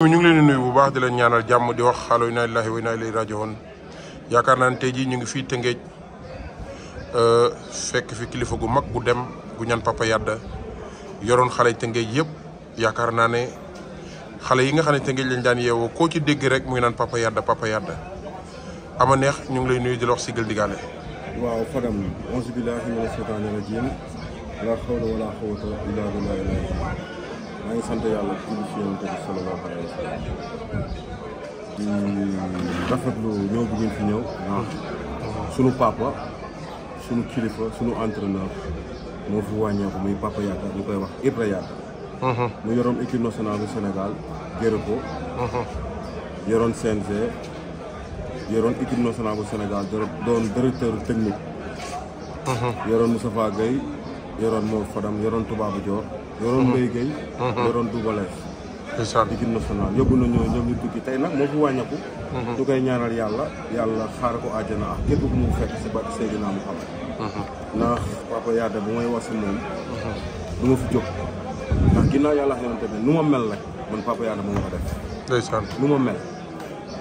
ñu ngi leen nuyu bu baax di leen ñaanal jàmm di wax xalo inna lillahi wa inna ilayhi rajiun yaakaar naa ne tey jii ñu ngi fii Tëngéej euh, fekk fi kilifa gu mag gu dem gu ñaan Papa Yada yoroon xale Tëngéej yëpp yaakaar naa ne xale yi nga xam ne Tëngéej lañ daan yeewoo koo ci dégg rek mu naan Papa Yada Papa Yada ama neex ñu ngi lay nuyu di la wax Sigal waaw Fadam billahi maa ngi sant yàlla julli ci Yonent bi sallallahu fi ñëw ah. sunu papa sunu kilifa sunu entraîneur moo fu wàññeeku muy papa Yaakaar ñu koy wax Ibra Yaakaar uh-huh. mu yoroon équipe nationale du Sénégal gërë ko uh-huh. yoroon équipe nationale bu Sénégal doon directeur technique uh-huh. yoroon Moustapha Gueye yoroon moo Fadam yoroon Toubabou Dior. yoroon mhm. Mbaye Guèye. Mhm. yoroon Double Less. incha allah équipe nationale yóbbu na ñoo ñoom ñu tukki tey nag moo fi wàññeeku. Mhm. ñu koy ñaanal yàlla yàlla xaar ko àjjana ak képp ku mu fekk si bàtt Seydina Muhammad. ndax papa Yade bu may wax si moom. du ma fi jóg ndax ginnaaw yàlla xam ne nu ma mel rek man papa Yade moo ko def. ndeysaan nu ma mel.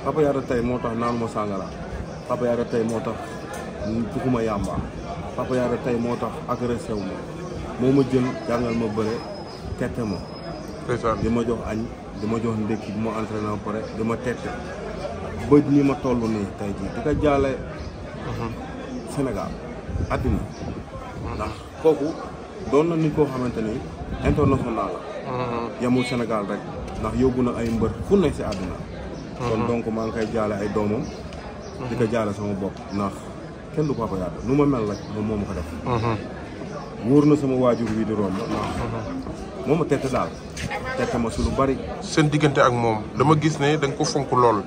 papa Yade tey moo tax naan ma sàngara papa Yade tey moo tax tuxuma yàmbaa Papa Yade tey moo tax agressé wu ma moo ma jël jàngal ma bare tette ma. di ma jox añ di ma jox ndékki di ma entraîné ba pare di ma tette bëj ni ma toll nii tey jii di ko jaale. Mhm. Sénégal addina. Mhm. ndax kooku doon na nit koo xamante ni international la. Mhm. yamul Sénégal rek ndax yóbbu na ay mbër fu ne si àddina kon donc maa ngi koy jaale ay doomam. di ko jaale sama bopp ndax. kenn du papa Yada nu ma mel nag moom moo ma ko def. Mhm. wóor na sama waajur wi di romb. Mhm. moom a tette daal tette ma su lu bari. seen diggante ak moom dama gis ne da nga ko fonk lool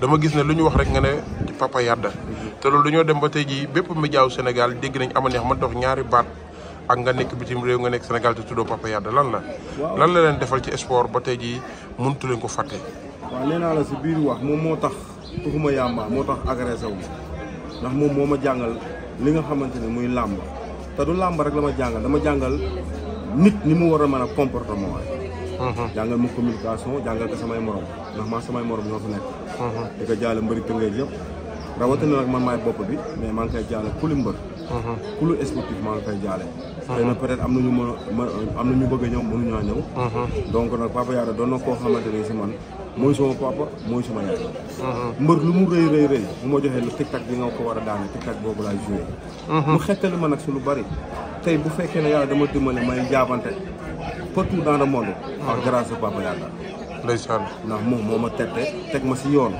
dama gis ne lu ñu wax rek nga ne papa Yada. Mhm. te loolu dañoo dem ba tey jii bépp médiaw Sénégal dégg nañ ama neex ma ñaari baat. ak nga nekk bitim réew nga nekk Sénégal te tuddoo Papa Yada lan la. lan la leen defal ci sport ba tey jii mëntu leen ko fàtte. waaw nee la si biir wax moom moo tuxuma yàmba moo agressé wu ndax moom moo ma jàngal li nga xamante ne muy làmb te du làmb rek la ma jàngal dama jàngal nit ni mu war a man a comportement rek. Mhm. jàngal ma communication jàngal ko samay morom ndax maa samay morom ñoo fi nekk. Mhm. di ko jaale mbëri tëngeej yëpp rawatina nag man maay bopp bi mais maa ngi koy jaale kuli mbër. Mhm. kulu sportif maa ngi koy jaale. xëy na peut être am na ñu mën a am na ñu bëgg a ñëw mënuñoo ñëw. donc nag Papa Yada doon na koo xamante ne si man. mooy suma papa mooy suma yaay. Uh-huh. mbër lu mu rëy rëy rëy bu ma joxee lu tic bi nga ko war a daane tic tac boobu laay joué. Uh-huh. mu xettali ma nag su lu bari. tey bu fekkee ne yàlla dama dimbale may jaabante partout dans le monde. Uh-huh. par grâce à papa yàlla. ndeysaan ndax moom moo ma tette teg ma si yoon.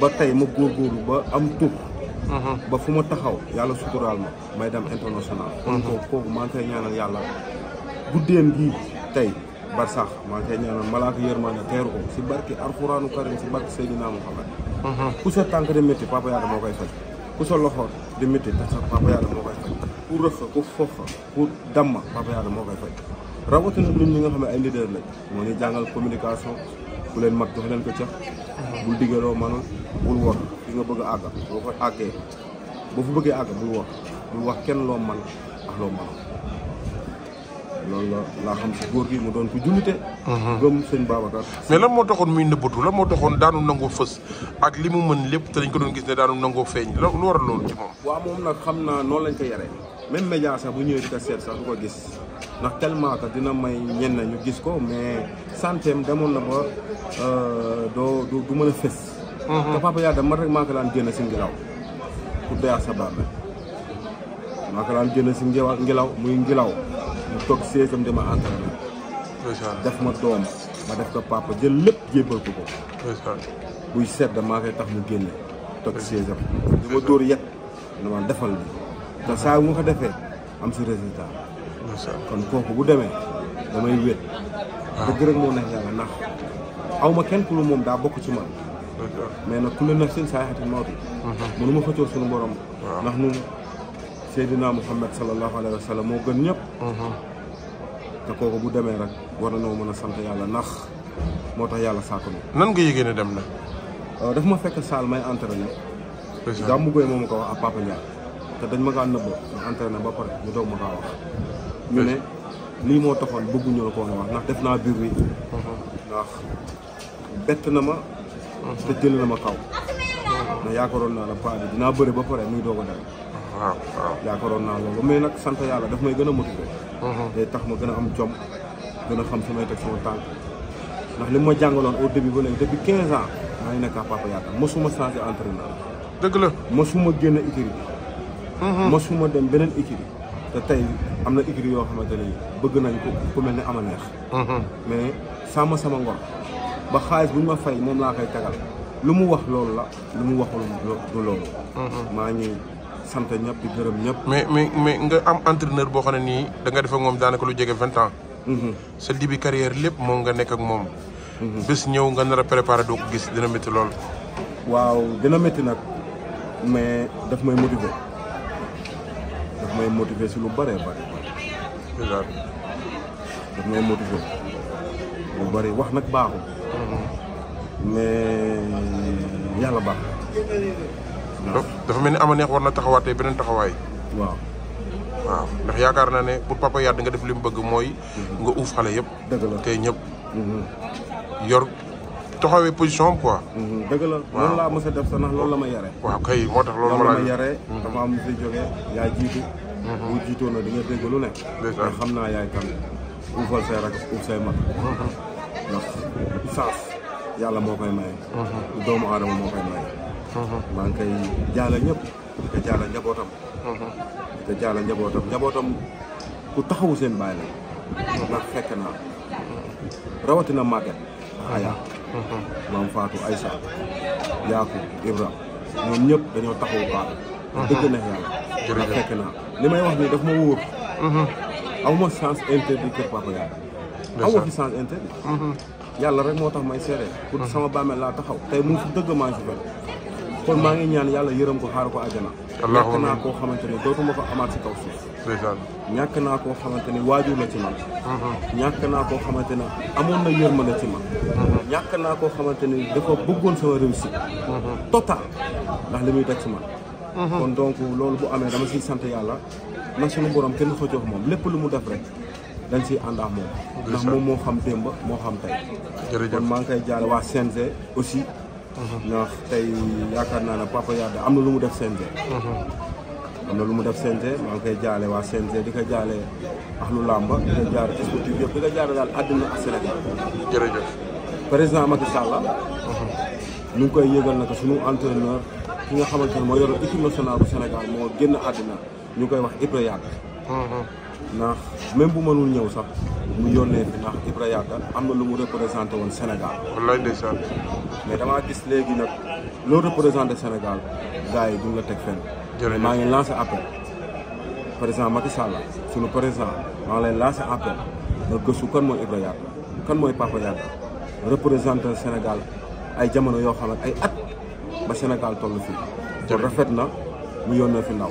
ba tey ma góor góorgóorlu ba am tur. ba fu ma taxaw yàlla suturaal ma may dem international. kon kooku kooku maa ngi koy ñaanal yàlla guddeem gii tey. bersah makanya ngi koy ñaanal malaaka yërmande teeru ko si barki alxuraanu karim si barki Seydina Muhammad mhm. ku sa tànk di métti papa yàlla moo koy faj ku sa loxo di métti sax papa yàlla moo koy faj ku rëx ku fox ku damma papa yàlla moo koy faj rawatina ñun ñi nga xam ne ay leader lañ moo ñu jàngal communication ku leen mag jox leen ko cax bul diggaloo manul bul wax fi nga bëgg ko wax kenn man ak loolu la laa xam si góor gi mu doon ko jullite mhm. gëm sëñ Babacar mais lan moo taxoon muy nëbbatu lan moo taxoon daanu nangoo fës ak li mu mën lépp te dañ ko doon gis ne daanu nangoo feeñ lu war a loolu ci moom waaw moom nag xam naa noonu lañ ko yaree même média sax bu ñëwee di ko seet sax du ko gis ndax tellement que dina may ñenn ñu gis ko mais santeem demoon na ba euh, doo du mën a fës mhm. te papa yaa dama rek maa ko daan génn si ngelaw pour doyaa sa baax maa ko daan génn si ngelaw muy ngelaw mu toog séesam di ma entraîné. def ma doom ma def ko papa jël lépp jébbal ko ko. buy sedd maa koy tax mu génne. toog séesam. di ma dóor yet dama defal li te saa yu ma ko defee am si résultat. kon kooku bu demee damay wéet. waaw ah. dëgg rek moo neex yàlla ndax aw kenn ku lu moom daa bokk ci man. mais nag ku ne nag seen saa yaxati mawti mhm. mënu ma xëccoo suñu borom. ndax ñun. Seydina Mouhamed sallallahu alayhi wa sallam moo gën ñëpp. Mhm. te kooku bu demee rek war nañoo mën a sant yàlla ndax moo tax yàlla saako na. nan nga yëgee ne dem na. waaw euh, daf ma fekk saal may entraîné. président gàmmu goy moom ko wax dañ ma kaa nëbb ma ba pare ñu doog ma kaa wax. ñu ne lii moo taxoon bëgguñu la ko wax ndax def naa biir wi mhm. ndax bett na ma. Mhm. te jël na ma kaw. Ah, na yaakaaroon naa la paa bi dinaa bëri ba pare muy doo ko dal. waaw waaw yaakaaroon naa loolu mais nag sant yàlla daf may gën a motiver. Mhm. day tax ma gën a am jom gën a xam fi may teg sama tànk ndax li ma jàngaloon au début ba léegi depuis 15 ans maa ngi nekk à Papa Yada mosuma changé entraîneur. dëgg la mosuma génn écurie bi. Mhm. mosuma dem beneen écurie te tey am na écurie yoo xamante ne bëgg nañ ko ku mel ne ama neex. Mhm. mais sàmm sama ngor ba xaalis bu ñu ma fay moom laa koy tagal lu mu wax loolu la lu mu waxul du sant ñëpp di gërëm ñëpp. mais mais mais nga am entraîneur boo xam ne nii da nga def ak moom daanaka lu jege vingt ans. Mhm. sa dibi carrière lépp moom nga nekk ak moom. Mhm. bés ñëw nga nar a préparé doo ko gis dina métti lool. waaw dina metti nag mais daf may motiver daf may motiver si lu bëree bëri. daf may wax nag baaxul. Mhm. mais yàlla baax. dafa mel ni ama neex war na taxawaatee beneen taxawaay. waaw. ndax yaakaar naa ne pour papa Yade nga def li mu bëgg mooy. nga uuf xale yëpp. dëgg la te ñëpp. Mhm. yor taxawee position quoi. Mhm. dëgg la loolu laa la ma yare. waaw kay moo tax loolu ma la yare mhm. dama am yaa jiitu. bu jiitoo na di dégg lu ne. dëgg naa yaay kan uufal say rak uuf saas yàlla moo koy maye. doomu aadama moo koy maye. Mhm. maa ngi koy jaale ñëpp di ko jaale njabootam mhm. di ko jaale njabootam njabootam ku taxawu seen bàyyi la mhm. fekk naa rawatina màgget ayaa maam Fatou Aïssa Yaaku Ibra ñoom ñëpp dañoo taxawu baax dëgg na yàlla ndax fekk naa li may wax nii daf ma wóor aw ma sens interdit kër papa yàlla aw ma fi sens interdit yàlla rek moo tax may seere pour sama bàmmeel laa taxaw tey mu fi dëgg maa si kon maa ngi ñaan yàlla yërëm ko xaar ko àjjana ñàkk naa koo xamante ne dootuma ko amaat si kaw suuf ñàkk naa koo xamante ne waajur la ci man mhm. ñàkk naa koo xamante ne amoon na yërmande ci man mhm. ñàkk naa koo xamante ne dafa bëggoon sama réussite mhm. total ndax li muy daj ci man kon donc loolu bu amee dama si sant yàlla na suñu borom kenn xëccoo ak moom lépp lu mu def rek dañ si ànd ak moom ndax moom moo xam démb moo xam tey kon maa ngi kay jaale waa CNG aussi Uh-huh. ndax tey yaakaar naa ne Papa Yade am na lu mu def CNG. Uh-huh. am na lu mu def CNG maa ngi koy jaale waa CNG di ko jaale lu làmba di ko jaare sportif yëpp ko jaare daal àddina ak Sénégal. jërëjëf. président Macky Sall. Uh-huh. ñu ngi koy yëgal nag sunu entraîneur ki nga xamante ne moo yor équipe nationale bu Sénégal moo génn àddina ñu koy wax Ibra Yade. ndax même bu mënul ñëw sax. mu yónnee fi ndax Ibra Yada am na lu mu représenté woon Sénégal. wallaay ndeysaan. mais damaa gis léegi nag loo représenté Sénégal gars yi duñ la teg fenn. jërëjëf maa ngi lancé appel président Macky Sall sunu président maa ngi lay lancé appel nga gëstu kan mooy Ibra Yada kan mooy Papa Yada représenté Sénégal ay jamono yoo xam ne ay at ba Sénégal toll fii. jërëjëf rafet na mu yónnee fi ndaw.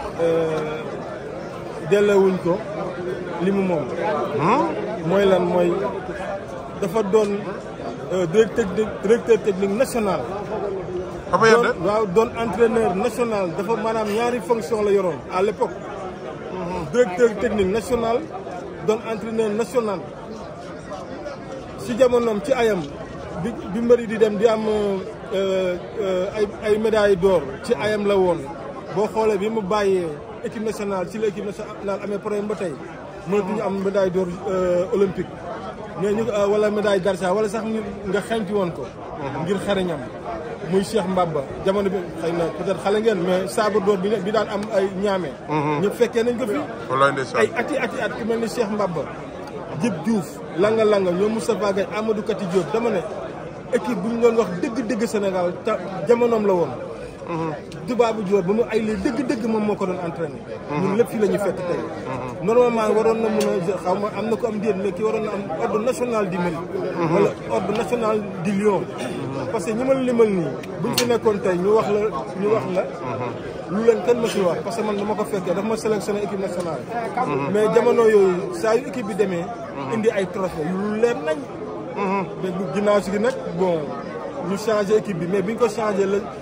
Euh, delloowuñ ko li mu moom mooy lan mooy dafa doon euh, directeur directeur technique national waaw doon entraîneur national dafa maanaam ñaari fonction la yoroon à l'époque mhm. directeur technique national doon entraîneur national si jamonoom ci ayam bi bi mbëri di dem di am euh, ay ay médaille d'or ci ayam la woon boo xoolee bi mu bàyyee équipe nationale ci la équipe nationale amee problème ba tey mënatuñu am médaille d'or euh, olympique mais ñu euh, wala médaille d'argent wala sax nga xeñti woon ko ngir xariñam muy Cheikh Mbaba jamono bi xëy na peut-être xale ngeen mais sabre d'or bi daan am ay ñaame mhm. ñëpp fekkee nañ ko fi ay ati ati at ku mel ni Cheikh langa langa ñoom Moustapha Gaye Amadou Kati Diop dama ne équipe bu ñu doon wax dëgg-dëgg Sénégal te jamonoom la woon Touba bu Dior ba mu ay léegi dëgg-dëgg moom moo ko doon entraîné. ñun lépp fii la ñu fekk tey. waroon na mën a xaw ma am na ko am déet mais ki waroon na am ordre national du Mali. wala Lion. parce que ñi ma limal nii. buñ fi nekkoon tey ñu wax la ñu wax la. lu leen kenn mësul wax parce que man ma ko fekkee dafa ma sélectionné équipe nationale. mais jamono yooyu saa yu équipe bi demee. indi ay trophée lu leen nañ. Mhm. mais ginnaaw si gi nag bon ñu changé bi mais biñ ko la.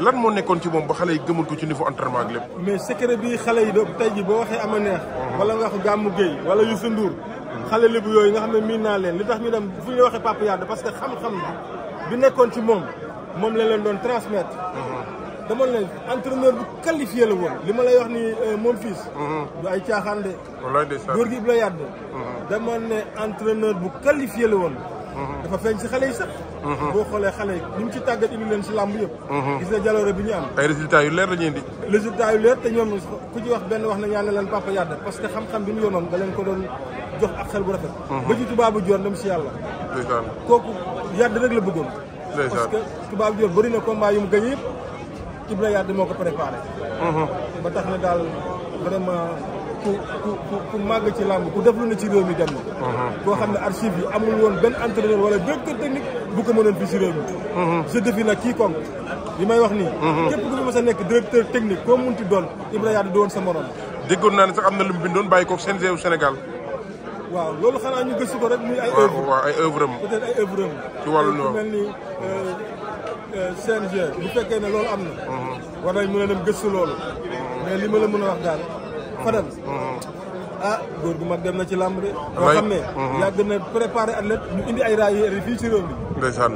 lan moo nekkoon ci moom ba xale yi gëmul ko ci niveau entraînement ak lépp. mais secret bi xale yi do tey jii boo waxee ama neex. wala nga wax Gamou Gueye wala Youssou Ndour. xale lébu yooyu nga xam ne miin naa leen li tax ñu dem fu ñuy waxee Papa Yade parce que xam-xam bi nekkoon ci moom moom la leen doon transmettre. dama ne entraîneur bu qualifié la woon li ma lay wax nii euh, moom fils du ay caaxaan de. wallaay de góor gi Ibrahima Yade. Mhm. dama ne entraîneur bu qualifié la woon. Mhm. dafa boo xoolee xale yi ni mu ci tàggat indi si làmb yëpp mhm. gis na jaloore bi ñu am ay résultats yu leer la ñuy indi yu leer te ñoom ku ci wax benn wax na ñaan leen papa yàdda parce que xam-xam bi ñu yoonoon da ko doon jox ak xel bu rafet mhm. ba tubaabu joor dem si yàlla kooku yàdd rek la bëggoon parce que tubaabu joor bëri na combat yu mu gañ yëpp yàdd moo ko préparé mhm. ba tax na daal vraiment ku ku ku màgg ci làmb ku def lu ne ci réew mi dem na. Uh-huh. koo xam ne archive yi amul woon benn entraîneur wala directeur technique bu ko mënoon fi ci réew mi. Uh-huh. je défie nag kii kon li may wax nii. Uh-huh. képp ku fi mës nekk directeur technique koo munti doon Ibrahima yaa di doon sa morom. déggoon naa ne sax am na lu mu bindoon bàyyi ko CNG wu Sénégal. waaw loolu xanaa ñu gëstu ko rek muy ay. oeuvre waaw ci wàllu noonu mel ni euh, euh, CNG fekkee ne loolu am na. war nañ gëstu loolu. li ma la mën a wax daal. Fadam. Mm-hmm. ah góor gu ma dem na ci làmb de. loo xam ne. Mm-hmm. yàgg na préparé athlète ñu indi ay raay fii ci réew mi. ndeysaan.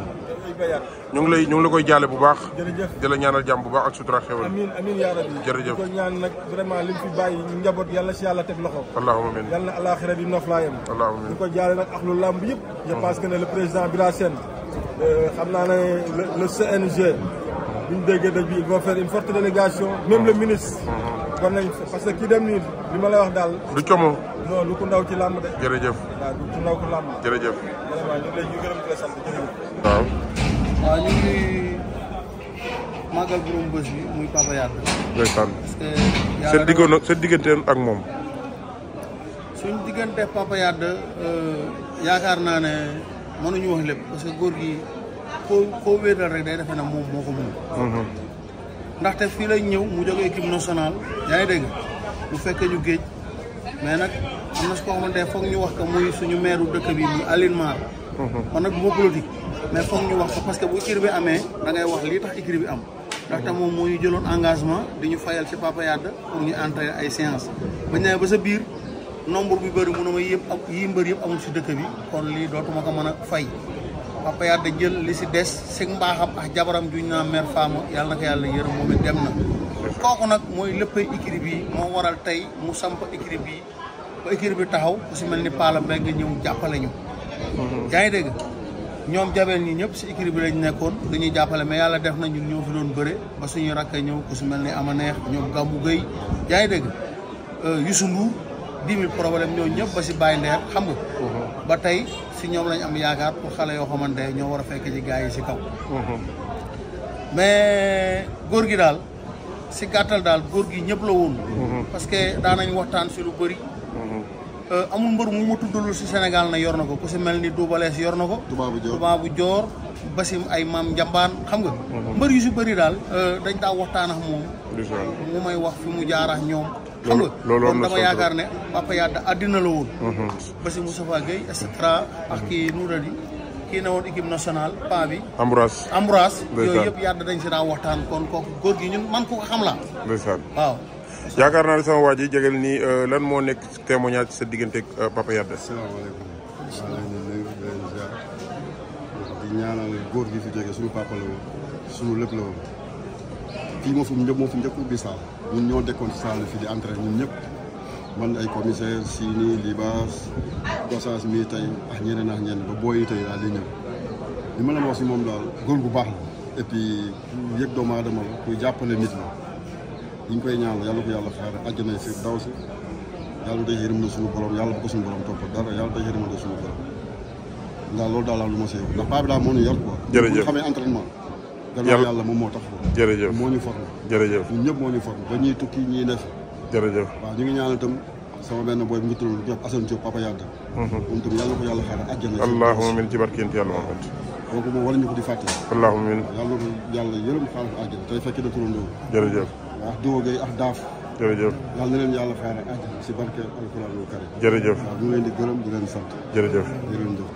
ñu ngi la koy jaale bu baax. jërëjëf di la ñaanal jàmm bu baax ak sutura xewal. amiin amiin yaa rabbi jërëjëf ko ñaan nag vraiment li mu fi bàyyi njaboot yàlla si yàlla teg loxo. allahumma amiin yàlla na alaaxira di noflaayam. allahumma amiin ñu ko jaale nag ak lu làmb yëpp. je mm-hmm. pense que ne le président Bira Sène. Euh, xam naa ne le CNG. bu ñu déggee daj bi il va faire une forte délégation. même kon nañ parce que kii dem nii li ma lay wax daal. du como. lu ko ndaw ci làmb de. jërëjëf waaw du ko ndaw ku làmb. jërëjëf. waaw. ñu ngi màggal borom bés bi muy Papa Yade. ndeysaan. seen diggoon seen digganteen ak moom. suñ diggante Papa Yade euh, yaakaar naa ne mënuñu wax lépp parce que góor gi koo koo rek day defe na moom moo ko mën. ndaxte fii lay ñëw mu jóge équipe nationale yaa ngi dégg mu fekk ñu géej mais nag am na su ko xamante foog ñu wax ko muy suñu maire dëkk bi muy Aline man mhm. nag bu ma politique mais foog ñu wax ko parce que bu équipe bi amee da wax lii tax équipe bi am ndaxte moom moo jëloon engagement di ñu fayal ci Papa Yade pour ñu entraîner ay séance ba nee ba sa biir nombre bi bëri mu ne yëpp yi mbër yëpp amul si dëkk bi xool lii dootuma ko mën a fay papa Yade jël li si des si mbaaxam ak jabaram juñ naa mère Fama yàlla na yàlla yërëm moom it dem na. kooku nag mooy léppay écurie bi moo waral tey mu samp écurie bi ba écurie bi taxaw ku si mel ni Palla Mbengue ñëw jàppale ñu. Mhm. yaa ngi dégg ñoom jabel ñi ñëpp si écurie bi lañ nekkoon dañuy jàppale mais yàlla def na ñun ñoo fi doon bëre ba suñu rakk ñëw ku si mel ni am Ama Neex ñoom Gamou Gueye yaa ngi dégg euh, Youssou dimi problème ñoo ñëpp ba ci bàyyi ndeer xam nga uh-huh. ba tay si ñoom lañ am yaakaar pour xalé yo xamanté ñoo wara fekk ci gaay yi si kaw uh-huh. mais gor gi dal si gàttal dal gor gi ñëpp la woon uh-huh. parce que nañ waxtaan si lu euh amul mbeur mu mu tuddul si Sénégal na yor na ku ci melni ni yor na ko Tubaabu Joor Basim ay mam jamban xam nga mbeur yu bari dal euh dañ waxtaan ak mom mu may wax fi mu jaar ñoom lolo nga loolu dama yaakaar ne papa yadda àddina la woon mhm. ba si Moustapha Gueye et cetera ak kii mhm. Nouradi kii na woon équipe nationale pa bi Ambroise Ambroise yooyu ya yadda dañ si daa waxtaan kon kooku góor gi ñun man ko xam laa ndeysaan waaw yaakaar naa sama waa ji jégal euh, lan moo nekk témoignage sa euh, papa di ñaanal góor gi fi jóge suñu papa suñu kii moo fi ñëpp moo fi njëkk ubbi saal ñun ñoo dekkoon si saal fi di entraîné ñun ñëpp man ay commissaire Sini Libas Gossas mii tey ak ñeneen ak ñeneen ba booy yi tey daal di ñëw li ma leen wax si moom daal góor bu baax la et puis yëg doomu aadama la kuy jàppale nit la ñu koy ñaan yàlla ko yàlla si daw si yàlla day yërëm na suñu borom ko suñu borom topp dara yàlla day yërëm na suñu borom ndax loolu daal laa lu ma see wax ndax paa bi daal moo ñu yar quoi. jërëjëf bu xamee entraînement. gannaaw yàlla moom moo tax jërëjëf moo ñu formé jërëjëf ñun ñëpp moo ñu formé ba ñuy tukki ñuy def jërëjëf waaw ñu ngi ñaanal itam sama benn booy bu ngi tudd ñu wax Assane Diop papa yàgg mhm. moom itam yàlla ko yàlla xaaral àjjana di fàtte allahumma min yàlla na ko yàlla yërëm xaaral ko àjjana tey fekk si barke alquranul karim jërëjëf waaw ñu ngi leen di gërëm di leen sant jërëjëf jërëjëf